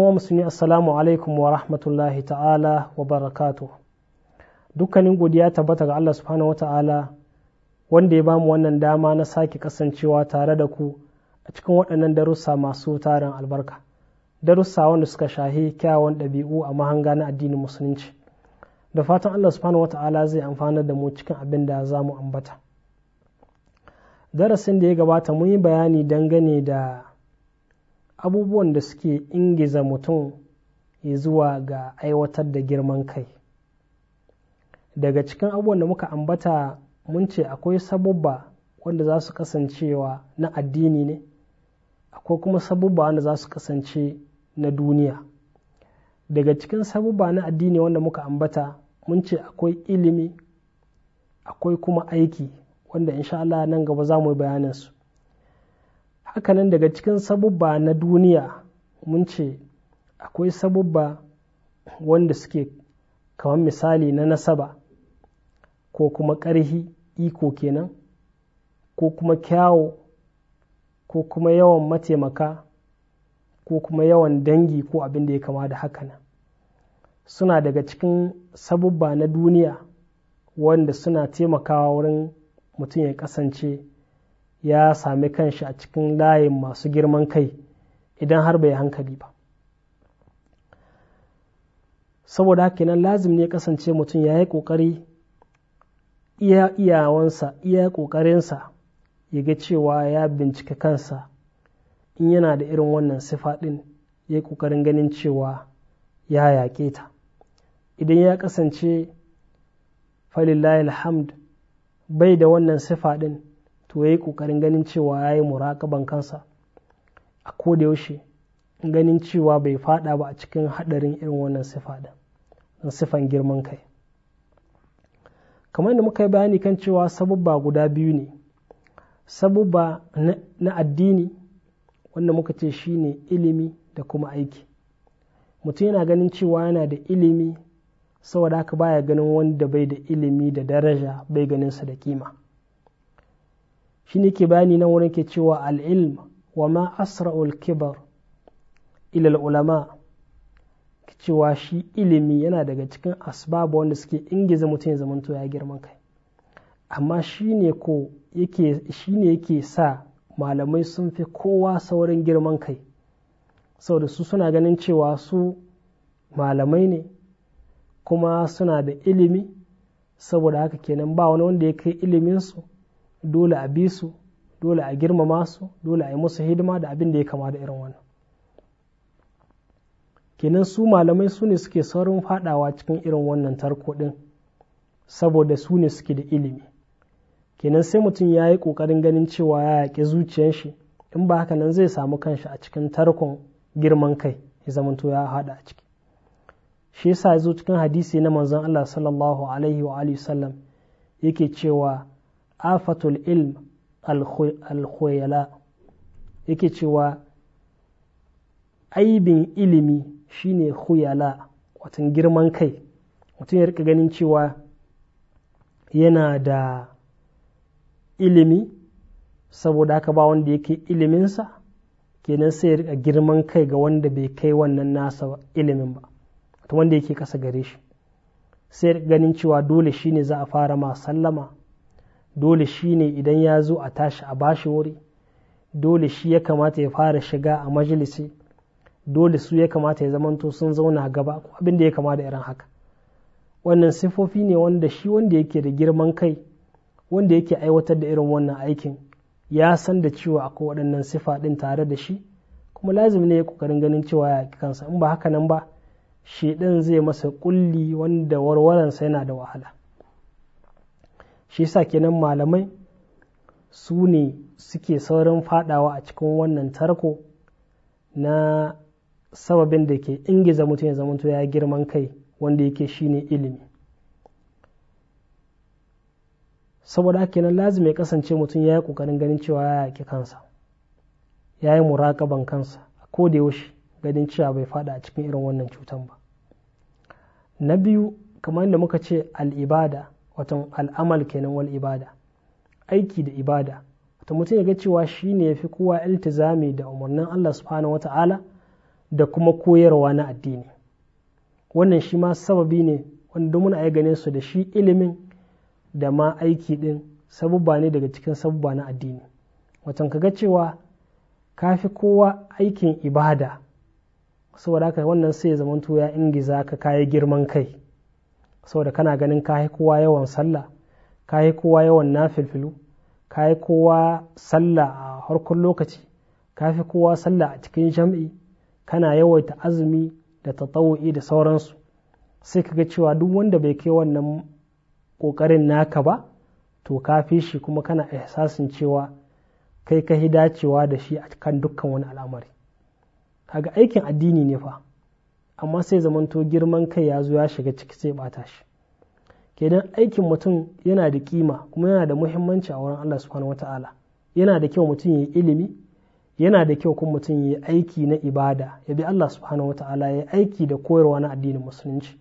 wa musulmi assalamu alaikum wa rahmatullahi ta'ala wa barakatu dukkanin godiya tabbata ga Allah subhanahu wa ta'ala wanda ya ba mu wannan dama na sake kasancewa tare da ku a cikin waɗannan darussa masu tarin albarka darussa wanda suka shahi kyawun ɗabi'u a mahanga na addinin musulunci da fatan Allah subhanahu wa ta'ala zai amfana da mu cikin abin da za mu ambata darasin da ya gabata mun yi bayani dangane da abubuwan da suke ingiza mutum ya zuwa ga aiwatar da girman kai daga cikin abubuwan da muka ambata mun ce akwai sabubba wanda za su kasancewa na addini ne akwai kuma sabubba wanda za su kasance na duniya daga cikin sabubba na addini wanda muka ambata mun ce akwai ilimi akwai kuma aiki wanda insha Allah nan gaba za mu yi bayaninsu hakanan daga cikin sabubba na duniya mun ce akwai sabubba wanda suke kamar misali na nasaba ko kuma ƙarhi iko kenan ko kuma kyawo ko kuma yawan mataimaka ko kuma yawan dangi ko abin da ya kama da hakanan suna daga cikin sabubba na duniya wanda suna taimakawa wurin mutum ya kasance ya sami kanshi a cikin layin masu girman kai idan har bai hankali ba saboda haka nan lazim ne kasance mutum ya yi ƙoƙari iyawansa iya ƙoƙarinsa ya ga cewa ya bincika kansa in yana da irin wannan sifa ɗin ya yi ƙoƙarin ganin cewa ya yaƙe ta idan ya kasance falillahi alhamd bai da wannan sifa ɗin to ya yi ƙoƙarin ganin cewa ya yi murakaban kansa a kodayaushe ganin cewa bai fada ba a cikin haɗarin irin wannan sifa da sifan girman kai kamar yadda muka yi bayani kan cewa sabubba guda biyu ne sabubba na addini wanda muka ce shine ilimi da kuma aiki mutum yana ganin cewa yana da ilimi saboda haka baya ganin wanda bai da ilimi da daraja bai ganin sa da kima shi ne ke bani nan wurin ke cewa al'ilm wa ma asra'ul kibar ilal ulama cewa shi ilimi yana daga cikin asbaba wanda suke ingiza mutum ya zamanto ya girman kai amma shi ne yake sa malamai sun fi kowa saurin girman kai da su suna ganin cewa su malamai ne kuma suna da ilimi saboda haka kenan ba wani wanda ya kai iliminsu dole a bi su dole a girmama su dole a yi musu hidima da abin da ya kama da irin wannan kenan su malamai su ne suke saurin fadawa cikin irin wannan tarko din saboda su ne suke da ilimi kenan sai mutum ya yi ƙoƙarin ganin cewa ya yaƙi zuciyar shi in ba haka nan zai samu kanshi a cikin tarkon girman kai ya zamanto ya haɗa a ciki shi yasa ya zo cikin hadisi na manzon Allah sallallahu alaihi wa alihi sallam yake cewa afatul ilm alkhuyala yake cewa aibin ilimi shine khuyala watan girman kai mutum ya rika ganin cewa yana da ilimi saboda haka ba wanda yake iliminsa kenan sai ya rika girman kai ga wanda bai kai wannan nasa ilimin ba wanda yake kasa gare shi sai ganin cewa dole shine za a fara ma sallama dole shi ne idan ya zo a tashi a bashi wuri dole shi ya kamata ya fara shiga a majalisi dole su ya kamata ya zamanto sun zauna gaba ko abin da ya kama da irin haka wannan sifofi ne wanda shi wanda yake da girman kai wanda yake aiwatar da irin wannan aikin ya san da cewa akwai waɗannan sifa ɗin tare da shi kuma lazimi ne ya ƙoƙarin ganin cewa ya kansa in ba haka nan ba shi zai masa ƙulli wanda warwaransa yana da wahala shi sa kenan malamai su ne suke saurin fadawa a cikin wannan tarko na sababin da ke ingiza mutum ya zamanto ya girman kai wanda yake shine ilimi saboda haka kenan lazimi ya kasance mutum ya yi kokarin ganin cewa ya yaƙi kansa ya yi murakaban kansa a yaushe ganin cewa bai fada a cikin irin wannan cutan ba na biyu kamar yadda muka ce al'ibada watan al'amal kenan wal ibada aiki da ibada wata mutum ya ga cewa shi ne ya fi kowa iltizami da umarnin Allah subhanahu wa ta'ala da kuma koyarwa na addini wannan shi ma sababi ne wanda muna a gane su da shi ilimin da ma aiki din sabubba ne daga cikin sabubba na addini watan ka ga cewa ka fi kowa aikin ibada saboda haka wannan sai ya zamanto ya ingiza ka kayi girman kai saboda kana ganin ka yi kowa yawan sallah ka kowa yawan nafilfilu ka yi kowa sallah a harkar lokaci kafi kowa sallah a cikin jam'i kana yawaita azumi da tatawu'i da sauransu sai ka ga cewa duk wanda bai kai wannan ƙoƙarin naka ba to ka shi kuma kana ihsasin cewa kai ka hi dacewa da shi a kan dukkan wani al'amari kaga aikin addini ne fa amma sai zamanto girman kai ya zo ya shiga ciki sai bata shi kenan aikin mutum yana da kima kuma yana da muhimmanci a wurin Allah subhanahu wata'ala yana da kyau mutum ya yi ilimi yana da kyau kuma mutum yayi aiki na ibada ya bi Allah subhanahu wata'ala ya yi aiki da koyarwa na addinin musulunci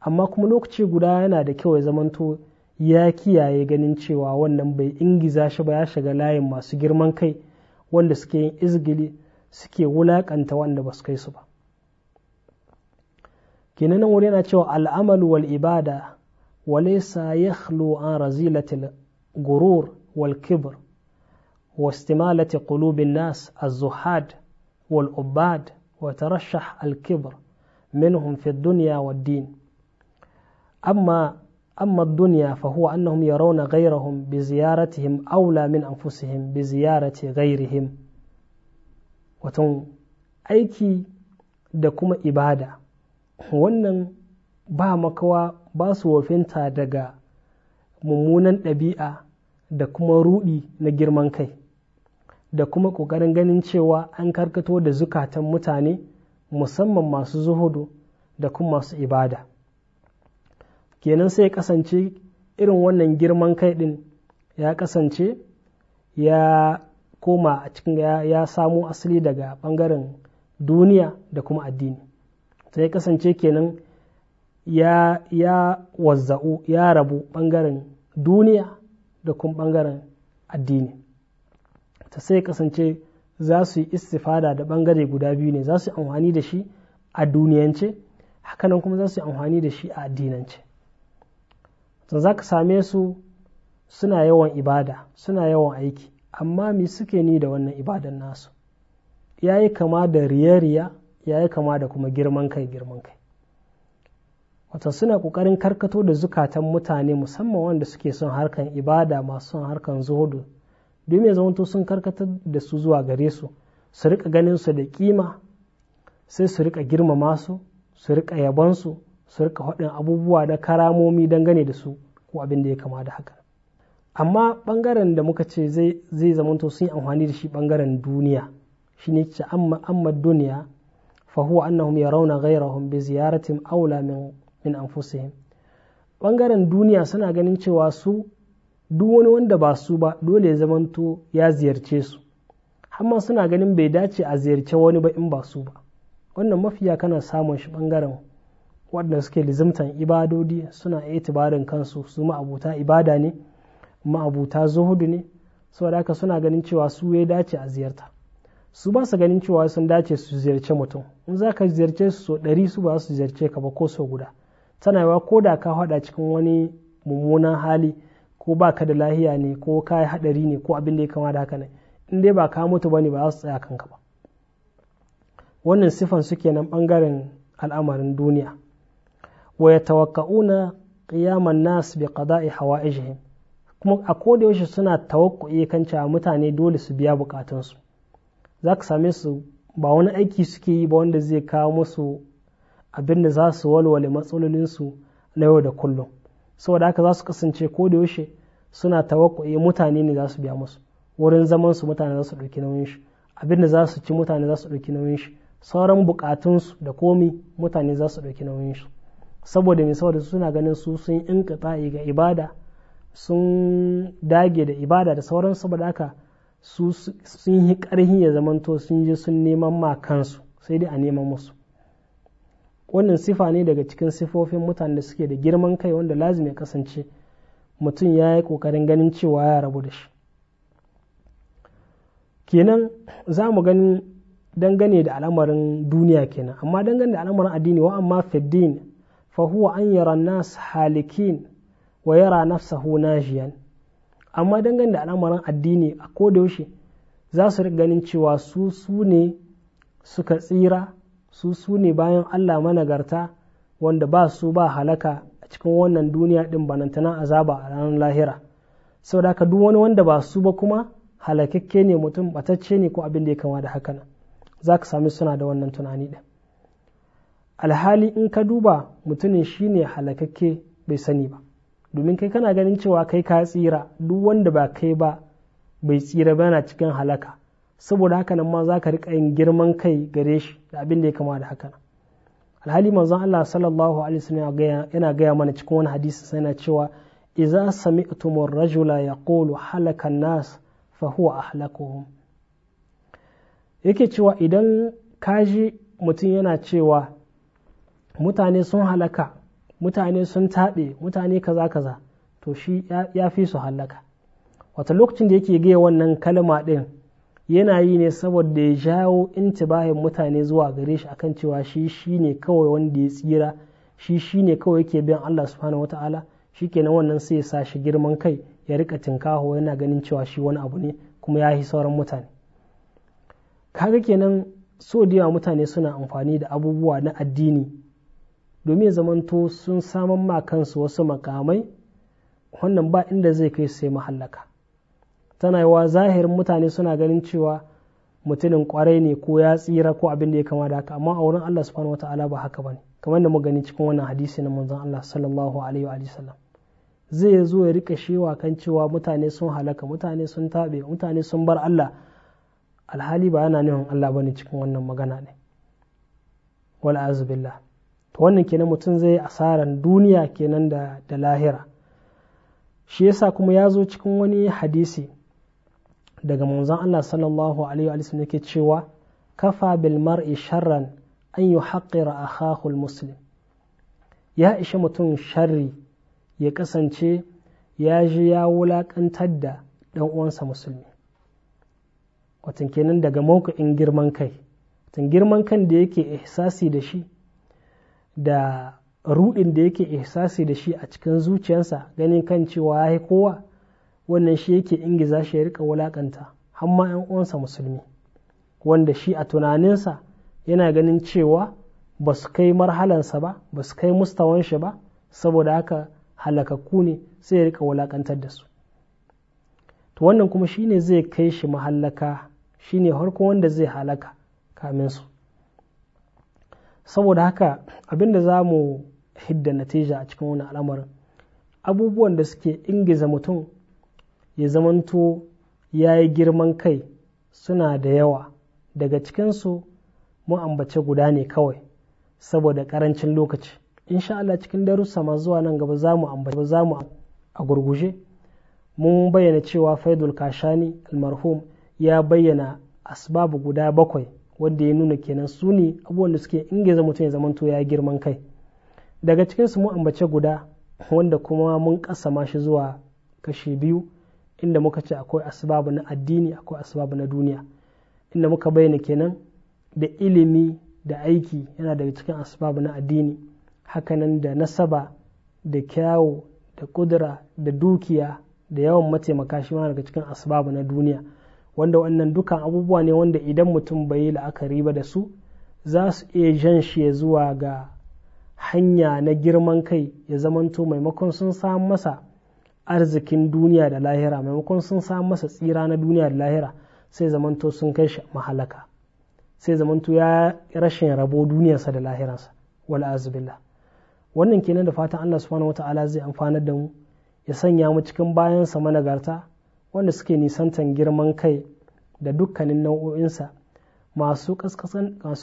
amma kuma lokaci guda yana da kyau ya zamanto ya kiyaye ganin cewa wannan bai ingiza shi ba ya shiga layin masu girman kai wanda suke yin izgili suke wulakanta wanda ba su kai su ba kinan nan wuri yana cewa al’amalu wal ibada walisa ya khlu an razilatil gurur wal kibr wa istimalati qulubin nas az-zuhad wal ubad wa tarashah al kibr minhum fi dunya wad din amma amma ad-dunya fa huwa annahum yarawna ghayrahum bi ziyaratihim awla min anfusihim bi ziyarati ghayrihim watan aiki da kuma ibada wannan ba makawa ba su wafinta daga mummunan ɗabi'a da kuma ruɗi na girman kai da kuma ƙoƙarin ganin cewa an karkato da zukatan mutane musamman masu zuhudu da kuma masu ibada kenan sai kasance irin wannan girman kai ɗin ya kasance ya koma a cikin ya samo asali daga ɓangaren duniya da kuma addini sai kasance kenan ya ya wazza'u ya rabu bangaren duniya da kuma bangaren addini ta sai kasance za su yi istifada da bangare guda biyu ne za su yi amfani da shi a duniyance hakanan kuma za su yi amfani da shi a addinance tun za ka same su suna yawan ibada suna yawan aiki amma me suke ni da wannan ibadan nasu ya yi kama da riya-riya ya yi kama da kuma girman kai girman kai wata suna ƙoƙarin karkato da zukatan mutane musamman wanda suke son harkan ibada masu son harkan zuhudu mai zamanto sun karkatar da su zuwa gare su su rika ganin su da kima sai su rika girmama su su rika yabon su su rika haɗin abubuwa da karamomi dangane da su ko abin da ya kama da haka amma ɓangaren da muka ce zai zamanto sun yi amfani da shi ɓangaren duniya shi ne ce amma duniya fahuwa annahum yarawna ghayrahum bi ziyaratin aula min min bangaren duniya suna ganin cewa su duk wani wanda ba su ba dole ya zamanto ya ziyarce su amma suna ganin bai dace a ziyarce wani ba in ba su ba wannan mafiya kana samun shi bangaren waɗanda suke lizimtan ibadodi suna itibarin kansu su ma'abuta ibada ne ma'abuta zuhudu ne saboda haka suna ganin cewa su ya dace a ziyarta su ba su ganin cewa sun dace su ziyarce mutum in za ka ziyarce su so ɗari su ba su ziyarce ka ba ko so guda tana yawa ko da ka haɗa cikin wani mummunan hali ko ba ka da lahiya ne ko ka yi haɗari ne ko abin da ya kama da haka ne in dai ba ka mutu ba ne ba za su tsaya kanka ba wannan sifan suke nan ɓangaren al'amarin duniya wa ya tawakka'una qiyaman nas bi qada'i hawa'ijihim kuma a koda yaushe suna tawakku'i kan cewa mutane dole su biya bukatunsu za ka same su ba wani aiki suke yi ba wanda zai kawo musu abin da za su walwale matsalolinsu na yau da kullum saboda haka za su kasance ko da yaushe suna tawakkuye mutane ne za su biya musu wurin zaman su mutane za su ɗauki nauyin shi abin da za su ci mutane za su ɗauki nauyin shi sauran bukatunsu da komi mutane za su ɗauki nauyin shi saboda mai saboda suna ganin su sun inkata ga ibada sun dage da ibada da sauran saboda haka su sun yi ƙarhin ya zamanto sun je sun neman ma kansu sai dai a neman musu wannan sifa ne daga cikin sifofin mutane da suke da girman kai wanda lazim ya kasance mutum ya yi ƙoƙarin ganin cewa ya rabu da shi kenan za mu ganin dangane da al'amarin duniya kenan amma dangane da al'amarin addini wa amma fiddin fa huwa an yara nas halikin wa yara nafsahu najiyan amma dangane da al'amuran addini a ko kodayaushe za su ganin cewa su su ne suka tsira su su ne bayan allah managarta wanda ba su ba halaka a cikin wannan duniya din banantana azaba a ranar lahira saboda haka duk wani wanda ba su ba kuma halakakke ne mutum batacce ne ko abin da ya kama da haka nan za ka sami suna da wannan tunani din alhali in ka duba mutumin shine halakakke bai sani ba domin kai kana ganin cewa kai ka tsira duk wanda ba kai ba bai tsira ba na cikin halaka saboda haka nan ma za ka riƙa yin girman kai gare shi da abin da ya kama da haka alhali manzon Allah sallallahu alaihi wasallam yana gaya mana cikin wani hadisi sai yana cewa idza ar rajula yaqulu halaka nas fa huwa ahlakuhum yake cewa idan kaji mutum yana cewa mutane sun halaka mutane sun taɓe mutane kaza kaza to shi ya fi su hallaka wata lokacin da yake gaya wannan kalma ɗin yana yi ne saboda ya jawo intibahin mutane zuwa gare shi akan cewa shi shi ne kawai wanda ya tsira shi shi ne kawai yake bin Allah subhanahu ta'ala shi kenan wannan sai ya sa shi girman kai ya rika tinkaho yana ganin cewa shi wani abu ne kuma ya yi sauran mutane kaga kenan so da yawa mutane suna amfani da abubuwa na addini domin zamanto sun saman ma kansu wasu makamai wannan ba inda zai kai sai mahallaka tana yawa zahirin mutane suna ganin cewa mutumin kwarai ne ko ya tsira ko abin da ya kama da haka amma a wurin Allah subhanahu ta'ala ba haka bane kamar da mu gani cikin wannan hadisi na manzon Allah sallallahu alaihi wa sallam zai zo ya rika shewa kan cewa mutane sun halaka mutane sun tabe mutane sun bar Allah alhali ba yana nufin Allah bane cikin wannan magana ne wal azbillah to wannan kenan mutum zai yi asaran duniya kenan da da lahira shi yasa kuma ya zo cikin wani hadisi daga manzon Allah sallallahu alaihi wa sallam yake cewa kafa bil mar'i sharran an yuhaqqira akhahu muslim ya ishe mutum sharri ya kasance ya ji ya wulaƙantar da ɗan uwansa musulmi watan kenan daga mauka'in girman kai watan girman kan da yake ihsasi da shi da ruɗin da yake ihsasi da shi a cikin zuciyarsa ganin kan cewa ya yi kowa wannan shi yake ingiza shi ya rika wulakanta har ma yan uwansa musulmi wanda shi a tunaninsa yana ganin cewa ba su kai marhalansa ba ba su kai mustawan shi ba saboda haka halakakku ne sai ya rika wulakantar da su to wannan kuma shine zai kai shi mahallaka shine harko wanda zai halaka kamin su saboda haka abinda za mu hidda natija a cikin wani al'amarin abubuwan da suke ingiza mutum ya zamanto ya yi girman kai suna da yawa daga cikinsu mu ambace guda ne kawai saboda karancin lokaci insha Allah cikin darussa masu zuwa nan gaba za mu ambace za mu a gurguje mun bayyana cewa faidul kashani almarhum ya bayyana asbabu guda bakwai wanda ya nuna kenan su ne abubuwan da suke ingiza mutum ya zamanto ya girman kai daga cikinsu mu ambace guda wanda kuma mun kasama shi zuwa kashe biyu inda muka ce akwai asbabu na addini akwai asbabu na duniya inda muka bayyana kenan da ilimi da aiki yana daga cikin asbabu na addini hakanan da nasaba da kyawu da kudura da dukiya da yawan mataimaka shi ma daga cikin asbabu na duniya wanda wannan dukan abubuwa ne wanda idan mutum bai yi la'akari ba da su za su iya jan shi ya zuwa ga hanya na girman kai ya zamanto maimakon sun samu masa arzikin duniya da lahira maimakon sun samu masa tsira na duniya da lahira sai zamanto sun kai shi mahalaka sai zamanto ya rashin rabo duniyarsa da lahiransa wal wannan kenan da fatan Allah subhanahu wata'ala zai amfana da mu ya sanya mu cikin bayansa managarta wanda suke nisantan girman kai da dukkanin nau'o'insa masu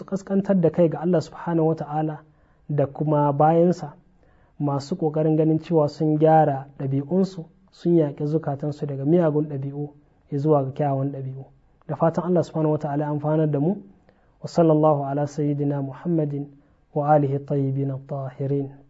kaskantar da kai ga Allah subhanahu wa ta'ala da kuma bayansa masu ƙoƙarin ganin cewa sun gyara ɗabi'unsu sun yaƙi zukatansu daga miyagun ɗabi'u zuwa ga kyawun ɗabi'u da fatan Allah subhanahu wa ta'ala amfanar da mu wa sallallahu ala sayyidina muhammadin wa alihi tayyibin tahirin